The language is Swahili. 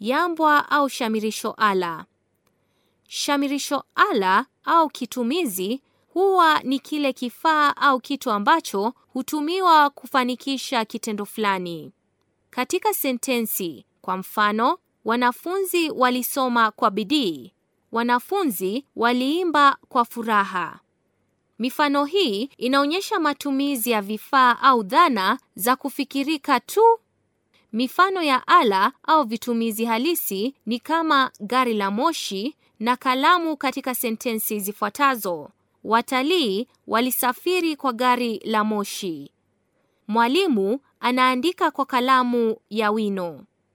yambwa au shamirisho ala. Shamirisho ala au kitumizi huwa ni kile kifaa au kitu ambacho hutumiwa kufanikisha kitendo fulani. Katika sentensi, kwa mfano, wanafunzi walisoma kwa bidii. Wanafunzi waliimba kwa furaha. Mifano hii inaonyesha matumizi ya vifaa au dhana za kufikirika tu. Mifano ya ala au vitumizi halisi ni kama gari la moshi na kalamu katika sentensi zifuatazo: watalii walisafiri kwa gari la moshi. Mwalimu anaandika kwa kalamu ya wino.